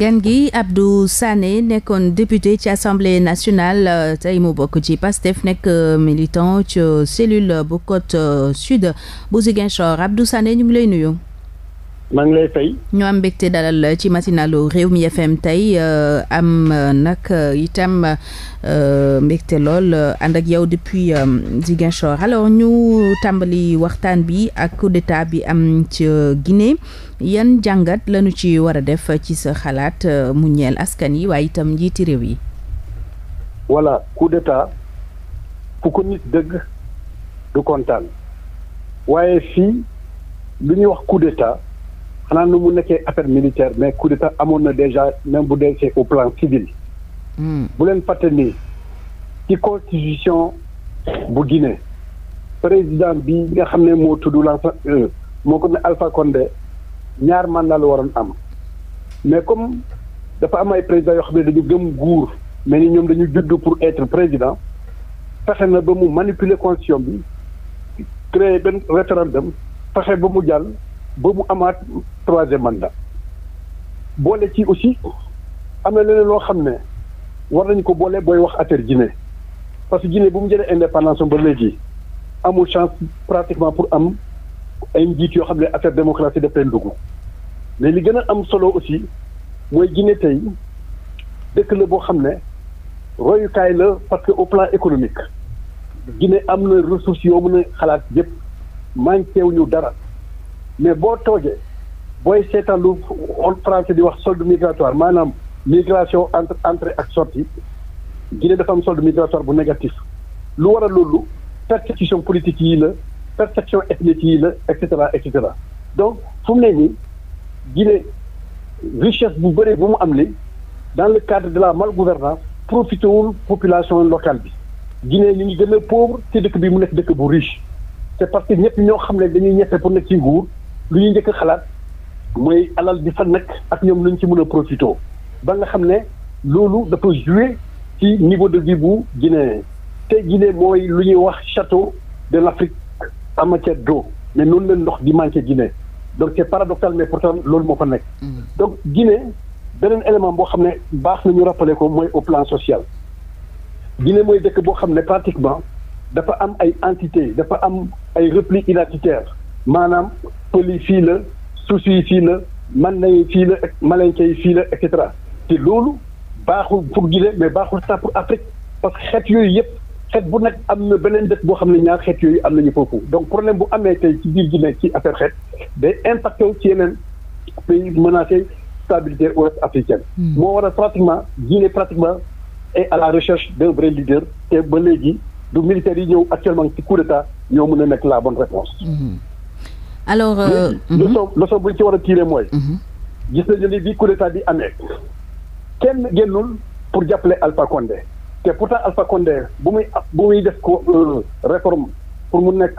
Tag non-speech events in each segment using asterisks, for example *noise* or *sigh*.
gan gi Abdou Sané nekkoon député ci assemblée nationale euh, tey mu bokk ci Pastef nekk euh, militan ci cellule bu Côte euh, Sud bu Ziguinchor Abdou Sané ñu ngi lay nuyu maa ngi lay fay. ñu am mbégte dalal ci matinalu réew mi FM tey euh, am euh, nag euh, itam mbégte lool ànd ak yow depuis Ziguinchor alors ñu tàmbali waxtaan bi ak coup d'état bi am ci Guinée yan jàngat lañu ci war a def ci sa xalaat mu ñeel askan yi waaye itam njiiti réew yi. voilà coup d'état fu ko nit dëgg du kontaan waaye fii lu ñuy wax coup d'état xanaa nu mu nekkee affaire militaire mais coup d'état amoon na déjà même bu dee c'est au plan civil. Hmm. bu leen fàtte nii ci constitution bu Guinée président bi nga xam ne moo tudd Lansana euh, moo ko ne Alpha Condé ñaar man la waroon am mais comme dafa am ay présidents yoo xam ne dañu gëm guur mais ni ñoom dañu judd pour être président fexe na ba mu manipuler constitution bi créer benn référendum fexe ba mu jàll. ba mu amaat troisième mandat boole ci aussi am na leneen loo xam ne war nañ ko boole booy wax affaire Guinée parce que Guinée bu mu jëlee indépendance ba léegi amul chance pratiquement pour am ay njiit yoo xam ne affaire démocratie daf leen dugg mais li gën a am solo aussi mooy Guinée tey dëkk la boo xam ne royukaay la parce que au plan économique Guinée am na ressources yoo mën a xalaat yëpp manqué wu ñu dara. mais boo toogee booy seetaan lu français di wax solde migratoire maanaam migration entre entrée ak sortie Guinée dafa am solde migratoire bu négatif lu war a loolu persécution politique yi la persécution ethnique yi la et cetera et cetera donc fu mu ne nii Guinée richesse bu bëree bu mu am ni dans le cadre de la malgouvernance profité wul population locale bi Guinée ñu ngi gën a pauvre te dëkk bi mu nekk dëkk bu riche c'est parce que ñëpp ñoo xam ne dañuy ñefe pour nekk ci nguur lu ñuy njëkk xalaat mooy alal di fa nekk ak ñoom luñ ci mën a profité ba nga xam ne loolu dafa joué ci niveau de vie bu Guinée te Guinée mooy lu ñuy wax château de l'Afrique en matière d'eau mais noonu leen ndox di manqué Guinée donc c'est paradoxal mais pourtant loolu moo fa nekk mm. donc Guinée beneen élément boo xam ne baax na ñu rappelé ko mooy au plan social Guinée mooy dëkk boo xam ne pratiquement dafa am ay entité dafa am ay repli identitaire maanaam pël yi fii la susu yi fii la man nayi fii la ak malenke yi fii la et cetera te loolu baaxul pour Guinée mais baaxul sax pour Afrique parce que xeet yooyu yëpp xeet bu nekk am na beneen dëkk boo xam ne ñaar xeet yooyu am nañu foofu donc problème bu amee tey ci biir Guinée ci affaire xeet day impacté wu ci yeneen pays menacé stabilité ouest africaine hmm. moo waral pratiquement Guinée pratiquement est à la recherche d'un vrai leader te ba léegi du militaires yi ñëw actuellement ci coup ñoo mën a nekk la bonne réponse hmm. alors. Euh, mhm. leçon leçon bu ñu ci war a tiire mooy. gis nañu ni bi coup d'état bi amee kenn génnul pour jàppale Alpha Condé te pourtant Alpha Condé bu muy bu muy def ko euh, réforme pour mu nekk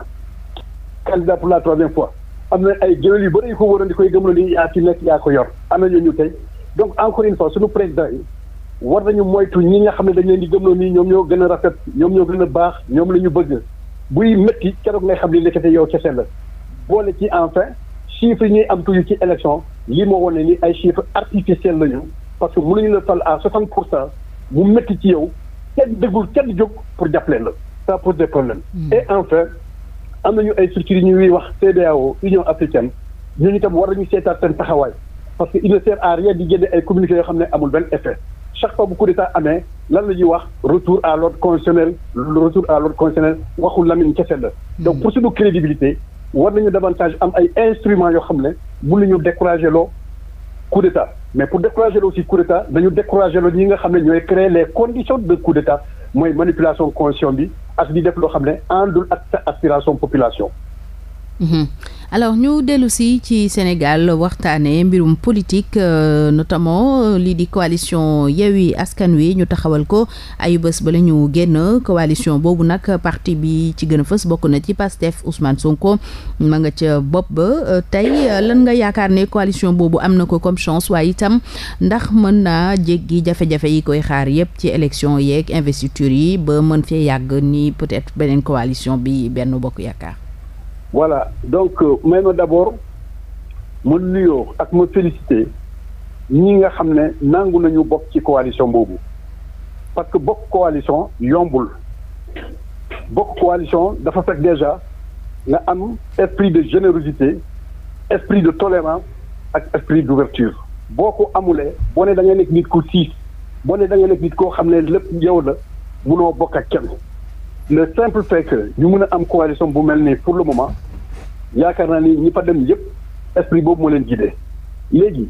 candidat pour la troisième fois am na ay géwél yu bëri yu ko wóoroon di koy gëmloo ni yaa ci nekk yaa ko yor am na ñooñu tey donc encore une fois suñu président yi war nañu moytu ñi nga xam ne dañ leen di gëmloo nii ñoom ñoo gën a rafet ñoom ñoo gën a baax ñoom la ñu bëgg buy métti keroog ngay xam li nekkate yow kese la. boole ci enfin chiffres yi ñuy am toujours ci élection lii moo wane ni ay chiffres artificiels la ñu parce que mënuñu la fal à 60 pour cent mu métti ci yow kenn déggul kenn jóg pour jàppale la ça pose des problèmes hmm. et enfin am nañu ay structures yi ñuy wax CEDEAO Union africaine ñooñu itam war nañu seetaat seen taxawaay parce que il ne à rien di génne ay communiqués yoo xam ne amul benn effet chaque fois bu coup d'état amee lan la ñuy wax retour à l'ordre constitutionnel retour à l'ordre constitutionnel waxul Lamine kese la hmm. donc pour suñu crédibilité war nañu davantage am ay instruments yoo xam ne bu mun nañu décourager loo coup d'état mais pour décourager loo aussi coup d'état nañu décourager loo ñi nga xam ne ñooy créer les conditions de coup d'état mooy manipulation constitution bi ak di def loo xam ne àndul ak sa aspiration population. Mm-hmm. alors ñu dellu si ci Sénégal waxtaanee mbirum politique euh, notamment euh, lii di coalition Yewwi Askan Wi ñu taxawal ko ayu bés ba la ñu génn coalition boobu nag parti bi ci gën a fës bokk na ci Pastef Ousmane Sonko ma nga ca bopp ba euh, tey lan nga yaakaar ne coalition boobu am na ko comme chance waaye itam ndax mën naa jéggi jafe-jafe yi koy xaar yépp ci élection yeeg investiture yi ba mën fee yàgg ni peut-être beneen coalition bi benn Bokk Yaakaar voilà donc euh, may ma d' abord ma nuyoo ak ma félicité ñi nga xam ne nangu nañu bokk ci coalition boobu parce que bokk coalition yombul bokk coalition dafa fekk déjà nga am esprit de générosité esprit de tolérance ak esprit d' boo ko amulee boo ne da ngay nekk nit ku siis boo ne da ngay nekk nit koo xam ne lépp yow la munoo bokk ak kenn le simple fait que ñu mën a am coalition bu mel nii pour le moment yaakaar naa ni ñi fa dem yëpp esprit boobu moo leen jiite léegi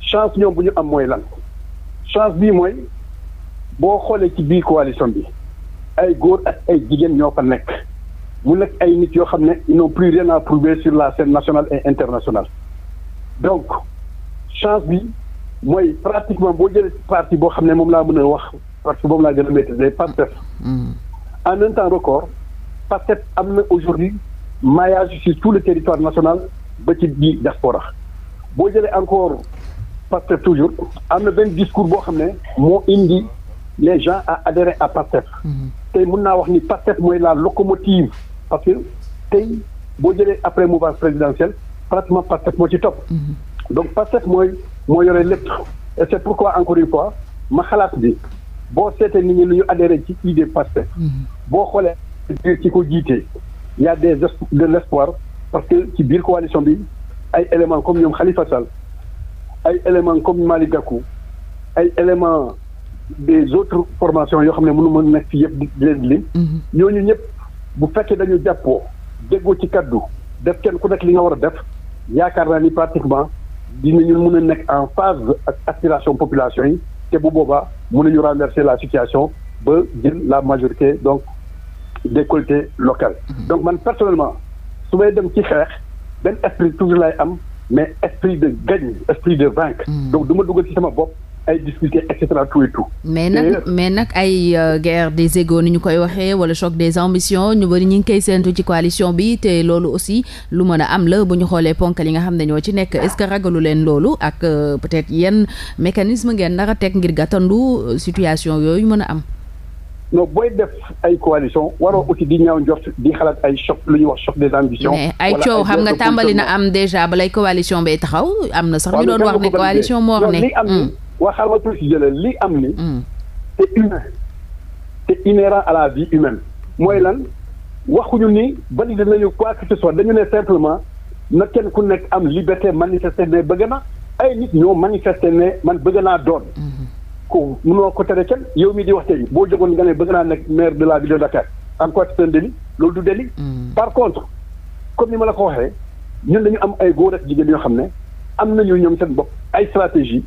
chance ñoom bu ñu am mooy lan chance bii mooy boo xoolee ci biir coalition bi ay góor ak ay jigéen ñoo fa nekk mu nekk ay nit yoo xam ne ils n'ont plus rien à prouver sur la scène nationale et internationale donc chance bi mooy pratiquement boo jëlee parti boo xam ne moom laa mën a wax parce que moom laa gën a en un temps record PASTEF am na aujourd'hui maillage sur tout le territoire national ba ci bi diaspora boo jëlee encore PASTEF toujours am na benn discours boo xam ne moo indi les gens à adhérer à PASTEF mhm. tey mun naa wax ni PASTEF mooy la locomotive parce que tey boo jëlee après mouvance présidentielle pratiquement PASTEF moo ci topp mhm. donc PASTEF mooy moo yore lépp et c'est pourquoi encore une fois ma xalaat bi boo seetee nit ñi lu ñu adhéré ci idée Pastef mhm. boo xoolee biir ci ko jiitee y des de l'espoir parce que ci biir coalition bi ay éléments comme ñoom Khalifa Sall ay éléments comme Malick Gakou ay éléments des autres formations yoo xam ne mënu mën nekk fi yëpp di leen lim mhm. ñooñu ñëpp bu fekkee dañu jàppoo déggoo ci kaddu def kenn ku nekk li nga war a def yaakaar naa ni pratiquement dinañu mën a nekk en phase ak aspiration population yi te bu boobaa mën ñu renverser la situation ba jël la majorité donc des collectivités locales. Mhm. donc man personnellement su may dem ci xeex benn esprit toujours lay am mais esprit de gagne esprit de vaincre. Mhm. donc du ma ci sama bopp. ay difficultés et mais nag euh, mais nag ay euh, guerre des égos ni ñu koy waxee wala choc des ambitions ñu bëri ñu ngi koy séntu ci coalition bi te loolu aussi lu mën a am la bu ñu xoolee ponk li nga xam ne ñoo ci nekk est-ce que ragalu leen loolu ak euh, peut-être yenn mécanisme ngeen nar a teg ngir gàttandu situation yooyu mën a am. non booy def ay coalition waroo aussi di ñaaw njort di xalaat ay choc lu ñu wax choc des ambitions. mais ay coow xam nga tàmbali na am déjà balay coalition bay taxaw waa xaaral ma préciser la li am ni c'est mm. humain c'est inhérent à la vie humaine mooy lan waxuñu ni valider nañu quoi que ce soit dañu ne simplement na kenn ku nekk am liberté manifester ne bëgg na ay nit ñoo manifester ne man bëgg naa doon mm-hmm. ko mënoo ko tere kenn yow mii di wax tey boo jógoon nga ne bëgg naa nekk maire de la ville de Dakar en quoi loolu du délit mm-hmm. par contre comme ni ma la ko waxee ñun dañu am ay góor ak jigéen yoo xam ne am nañu ñoom seen bopp ay stratégie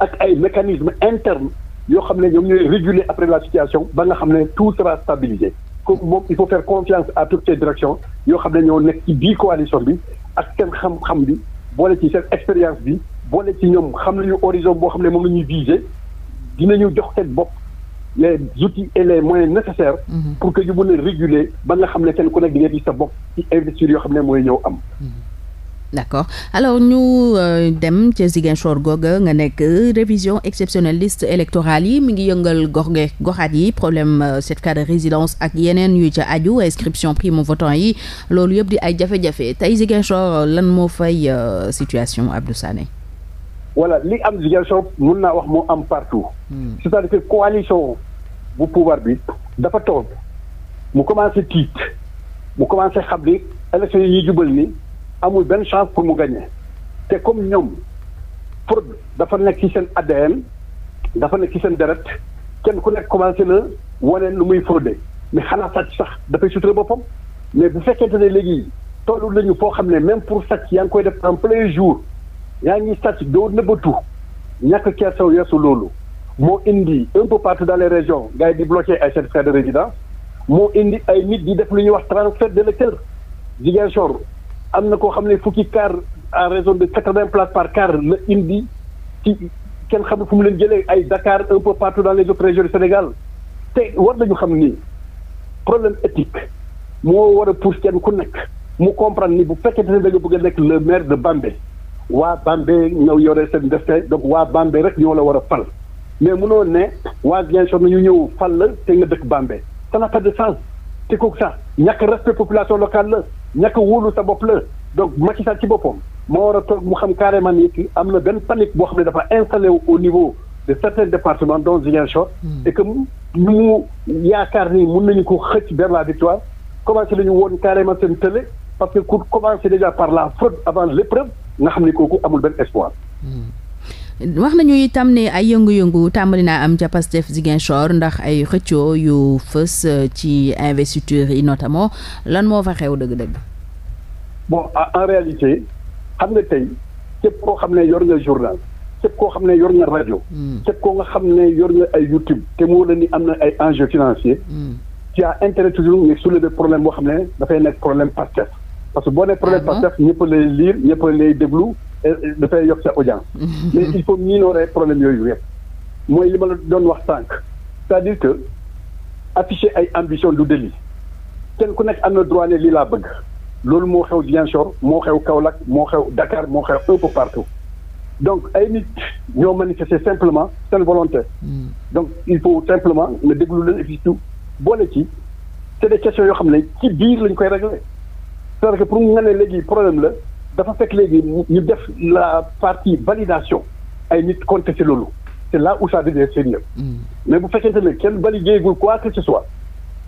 ak ay mécanismes internes yoo xam ne ñoom ñooy réguler après la situation ba nga xam ne tout sera stabilisé kooku moom il faut faire confiance à toutes ces directions yoo xam ne ñoo nekk ci biir coalition bi ak seen xam-xam bi boole ci seen expérience bi boole ci ñoom xam nañu horizon boo xam ne moom la ñuy dina dinañu jox seen bopp les outils et les moyens nécessaires mm-hmm. pour que ñu mën a réguler ba nga xam ne kenn ku nekk di nga gis sa bopp ci investiture yoo xam ne mooy ñëw am mm-hmm. d'accord alors ñu euh, dem ca Ziguinchor googa nga nekk révision exceptionnelle list électorale yi mi ngi yëngal gox ge goxaat yi problème certificat euh, de résidence ak yeneen yu ca aju inscription primo votant yi loolu yëpp di ay jafe-jafe tey Ziguinchor lan moo fay euh, situation Abdou Sané voilà li am Ziguinchor mun naa wax moo am partout hmm. c'est-à-dire que coalition bu pouvoir bi dafa toog mu commencé tiit mu commencé xam ni élection yi jubal ni amul benn chance pour mu gagner te comme ñoom fraude dafa nekk ci seen ADN dafa nekk ci seen deret kenn ku nekk commencé na wane lu muy fraude mais xanaa sàcc sax dafay sutura boppam mais bu fekkente ne léegi tollu lañu foo xam ne même pour sàcc yaa ngi koy def en plein jour yaa ngi sàcc doo nëbbatu ñàkk kersaw yeesu loolu moo indi un peu partout dans les régions gars yi di bloqué ay certificat de résidence moo indi ay nit di def lu ñuy wax transfert d'électeurs Ziguinchor am na koo xam ne fukki car à raison de quatre-vingts places par car la indi kenn xam fu mu leen jëlee ay Dakar un peu partout dans les autres régions du Sénégal te war nañu xam ni problème éthique moo war a pousse kenn ku nekk mu comprendre ni bu fekkente ne da nga bëgg a nekk le maire de Bambey waa Bambey ñëw yore seen destin donc waa Bambey rek ñoo la war a fal mais munoo ne waa Ziguinchor nañu ñëw fal la te nga dëkk Bambey ça n'a pas de sens te ñàkk respect population locale ñàkk wóolu sa bopp la donc Macky Sall ci boppam moo war a toog mu xam carrément ni ki am na benn panique boo xam ne dafa installé wu au niveau de certains départements dont Ziguinchor. Hmm. et que ñu mu yaakaar ni mun nañu ko xëcc vers la victoire commencé la woon carrément seen tële parce que pour commencer déjà par la fraude avant l'épreuve nga xam ni kooku amul benn espoir. Hmm. wax nañu itam ne ay yëngu-yëngu tàmbali naa am ca Pastef Ziguinchor ndax ay xëccoo yu fës euh, ci investiture yi notamment lan moo fa xew dëgg-dëgg. bon en réalité xam nga tey képp koo xam ne yor nga journal képp koo xam ne yor nga rajo. Hmm. koo nga xam ne yor ay YouTube te moo la ni am na ay enjeux financiers. Hmm. tu as intérêt toujours nga soulever problème boo xam ne dafay nekk problème Pastef parce que boo nee problème Pastef ñëpp lay lire ñëpp lay déglu. Euh, dafay yokk sa audience. *laughs* mais il faut minorer problème yooyu yëpp. mooy li ma doon wax sànq. c'est-à-dire que afficher ay ambition du délit. kenn ku nekk am na droit ne lii laa bëgg. loolu moo xew Ziguinchor moo xew kaw lag moo xew Dakar moo xew un peu partout. donc ay nit ñoo manifester simplement seen volonté. Hmm. donc il faut simplement nga déglu leen et puis tout boole ci. te des questions yoo xam ne ci biir lañ koy régler. c'est-à-dire que pour nga ne léegi problème la. dafa fekk léegi ñu def la partie validation ay nit contesté loolu c'est là où ça devient sérieux mm. mais bu fekkente ne kenn valideegul quoi que ce soit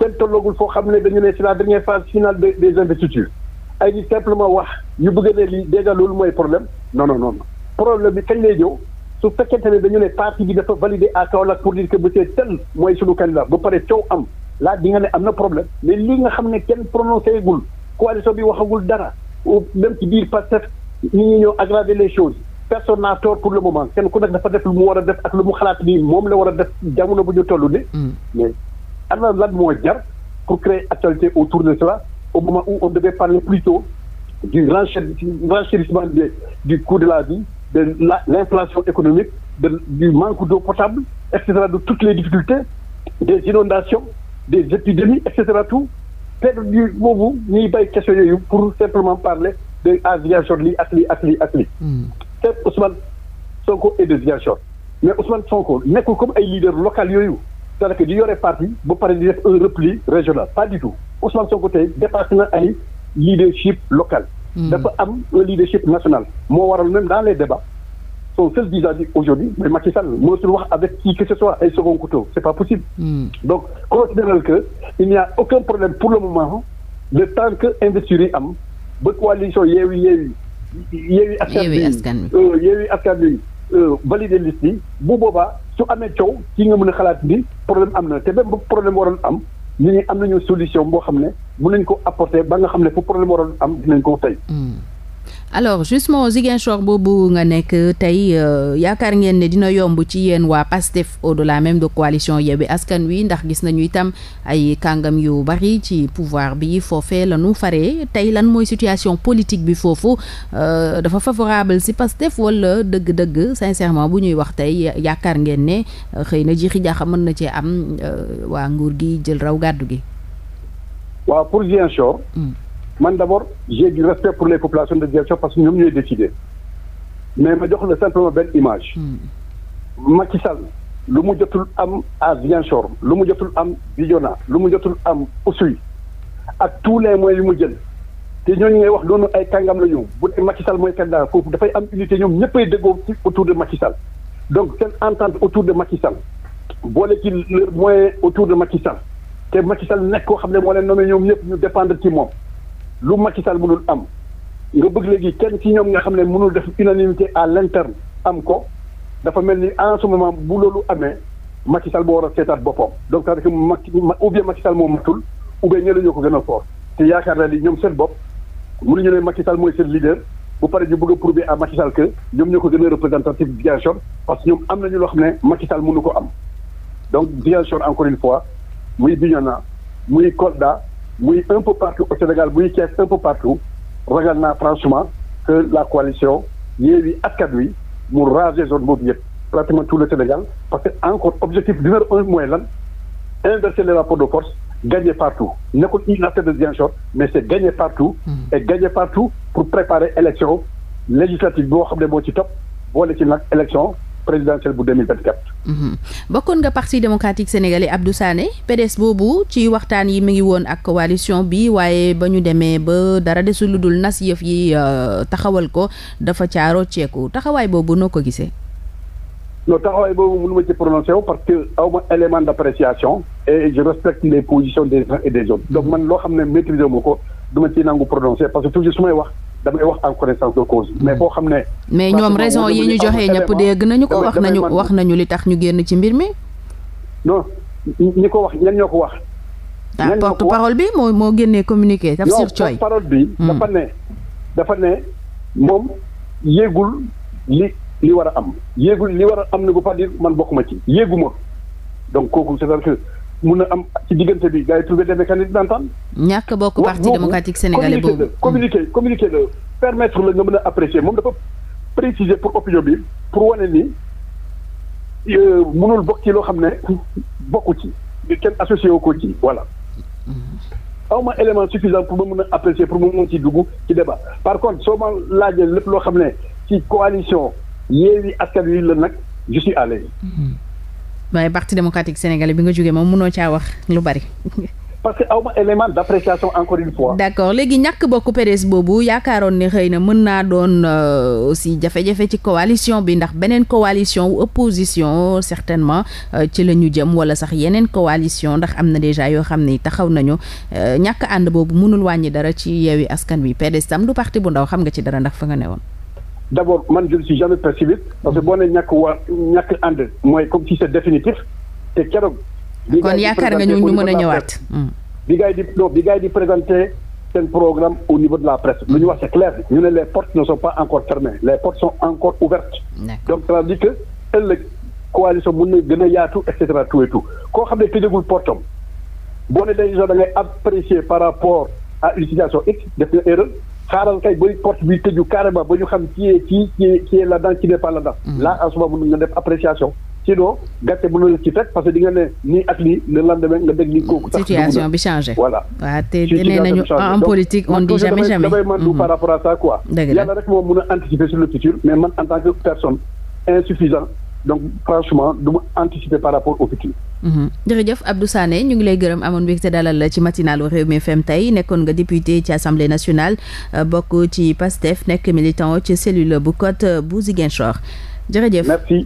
kenn tolloogul foo xam ne dañu ne c'est la dernière phase finale des des investitures ay nit simplement wax ñu bëgg ne lii déjà loolu mooy problème non no non problème bi kañ lee ñëw su fekkente ne dañu ne parti bi dafa validé à Kaolack pour dire que monsieur tel mooy sunu candidat ba pare coow am laa di nga ne am na problème mais li nga xam ne kenn prononcé gul coalition bi waxagul dara ou même ci biir Pastef ñu ngi ñëw aggraver les choses personne n'a tort pour le moment kenn ku nekk dafa def lu mu war a def ak lu mu xalaat ni moom la war a def jamono bu ñu tollu ni hmm. mais ana lan moo jar pour créer actualité autour de cela au moment où on devait parler plutôt du renchérissement de du coût de la vie de la l'inflation économique de du manque d'eau potable et cetera de toutes les difficultés des inondations des épidémies et cetera période boobu ñuy bay question yooyu pour simplement parler de à Ziguinchor lii ak lii ak lii ak lii. c'est hmm. Ousmane Sonko et de Ziguinchor mais Ousmane Sonko nekkul comme ay leader local yooyu c'est-à-dire que di yore parti ba pare di def un repli régional pas du tout Ousmane Sonko tey dépassé na ay leadership local. Hmm. dafa am leadership national. moo waral même dans les débats son seul vis-à-vis aujourd'hui mais Macky Sall mënatul wax avec qui que ce soit ay second couteau il n'y a aucun problème pour le moment le temps que investiture yi am ba coalition Yewwi Yewwi Yewwi askan wi euh, Yewwi askan wi euh, valider liste yi bu boobaa su amee coow ci nga mun a xalaat ni problème am na te même bu problème waroon am ñu am nañu solution boo xam ne mën nañ ko apporter ba nga xam ne fu problème waroon am dinañ ko tey hmm. alors justement Ziguinchor boobu nga nekk tey euh, yaakaar ngeen ne dina yomb ci yéen waa PASTEF au-delà même de coalition bi Askan Wi ndax gis nañu itam ay kàngam yu bari ci pouvoir bi foofee la ñu faree tey lan mooy situation politique bi foofu euh, dafa favorable si PASTEF wala dëgg-dëgg sincèrement bu ñuy wax tey yaakaar ngeen ne euh, xëy na jiixi jaaxa mën na cee am waa nguur gi jël raw gàddu gi. waaw pour Ziguinchor. Hmm. man d' abord j'ai du respect pour les populations de Ziguinchor parce que ñoom ñooy décider mais ma jox la simplement benn image. Hmm. Macky Sall lu mu jotul am à Ziguinchor lu mu jotul am Bignona lu mu jotul am Oussouye ak tout les moyens yu mu jël. te ñooñu ngay wax noonu ay kàngam la ñu bu dee Macky Sall mooy candidat foofu dafay am unité ñoom ñëppay déggoo ci autour de Macky Sall donc seen entente autour de Macky Sall boole ci le moyen autour de Macky Sall te Macky Sall nekk koo xam ne moo leen nommé ñoom ñëpp ñu dépendre ci moom. lu Macky Sall mënul am nga bëgg léegi kenn ci ñoom nga xam ne mënul def unanimité à l'interne am ko dafa mel ni en ce moment bu loolu amee Macky boo war a seetaat boppam donc c'est-à-dire que Macky ou bien Macky moom matul ou bien ñeneen ñoo ko gën a fort te yaakaar naa ni ñoom seen bopp mënuñu ne Macky Sall mooy seen leader bu pare ñu bëgg a prouver à Macky Sall que ñoom ñoo ko gën a représentatif Ziguinchor parce que ñoom am nañu loo xam ne Macky Sall mënu ko am donc Ziguinchor encore une fois muy Bignona muy muy un peu partout au Sénégal muy Thiès un peu partout ragal naa franchement que la coalition Yewwi Askan Wi mu raser zone boobu yëpp pratiquement tout le Sénégal parce que encore objectif numéro un mooy lan inverser les rapports de force gagner partout nekkul une affaire de Ziguinchor mais c'est gagner partout hmm. et gagner partout pour préparer élection législative boo xam ne moo ci topp boole ci nag élection présidentielle bu 2024. Mhm. bokkoon nga parti démocratique sénégalais Abdou Sané PDS boobu ci waxtaan yi mu ngi woon ak coalition bi waaye ba ñu demee ba dara desul lu dul nas yëf yi euh, taxawal ko dafa caaro ceeku taxawaay boobu noo ko gisee. non taxawaay boobu mënu ma ci prononcé wu parce que aw ma élément d' appréciation et je respecte les positions des uns et des autres donc man loo xam ne maîtriser ma ko du ma ciy nangu prononcé su may wax. damay wax en connaissance de cause. mais boo xam ne. mais ñoom raison yi ñu joxe ñëpp dégg nañu ko wax nañu wax nañu li tax ñu génn ci mbir mi. non ñi ko wax ñan ñoo ko wax. Ah, ñan porte parole bi moo moo génnee communiqué. Tafsir Thioye non porte parole bi. Hmm. dafa ne dafa ne moom yéegul li li war a am. yéegul li war a am ne bu pas dire man bokkuma ci yéeguma donc kooku c'est mun a am ci diggante bi gars yi trouver des mécanismes d'entente. ñàkk bokk parti démocratique sénégalais boobu communiqué communiqué la permettre la nga mën a apprécier moom dafa préciser pour opinion bi pour wane ni euh, mënul bokk ci loo xam ne bokku ci kenn associé wu ko ci voilà. Mhm. aw ma élément suffisant pour ma mën a apprécier pour moom mën ci dugg ci débat par contre soo ma laajee lépp loo xam ne ci coalition Yewwi Askan Wi la nag je suis à waaye parti démocratique sénégalais bi nga jógee moom mënoo caa wax lu bari. parce que aw ma élément d'appréciation encore une fois. d'accord léegi ñàkk bokk PDS boobu yaakaaroon ne xëy na mën naa doon euh, aussi jafe-jafe ci coalition bi ndax beneen coalition wu opposition certainement euh, ci la ñu jëm wala sax yeneen coalition ndax am na déjà yoo xam ni taxaw nañu euh, ñàkk ànd boobu mënul wàññi dara ci yeewi askan wi PDS tam du parti bu ndaw xam nga ci dara ndax fa nga ne d' abord man je ne suis jamais pessimiste parce que mhm. boo nee ñàkk waa ñàkk ànd mooy comme si c'est définitif te keroog. kon yaakaar nga ñu ñu mën a ñëwaat. Mhm. bi gars di non bi gars yi di présenté seen programme au niveau de la presse lu ñu wax c'est clair ñu ne les portes ne sont pas encore fermées les portes sont encore ouvertes. donc ça veut dire que ëllëg coalition mën na gën a yaatu et cetera tout et tout koo xam ne tëjagul portam boo ne dañuy da ngay apprécier par rapport à une situation xaaral kay bay porte bi tëju carrément ba ñu xam qui est qui qui est là-dedans qui n'est pas là-dedans. Mm. là en ce nga def appréciation. sinon gàcce mën na la ci fekk parce que di nga ne nii ak lii le lendemain nga dégg ni kooku. sax situation bi changé. voilà te nee nañu en politique on dit jamais jamais. damay mandu mm. par rapport à ça quoi. yàlla rek moo mën a anticiper sur le mais man en tant que personne insuffisant. donc franchement du mu anticiper par rapport au futur. Mhm. jërëjëf Abdou Sané ñu ngi lay gërëm amoon mbégte dalal la ci matinalu Rewmi FM tey nekkoon nga député ci assemblée nationale euh, bokk ci PASTEF nekk militant ci cellule bu Côte euh, bu Ziguinchor jërëjëf. merci.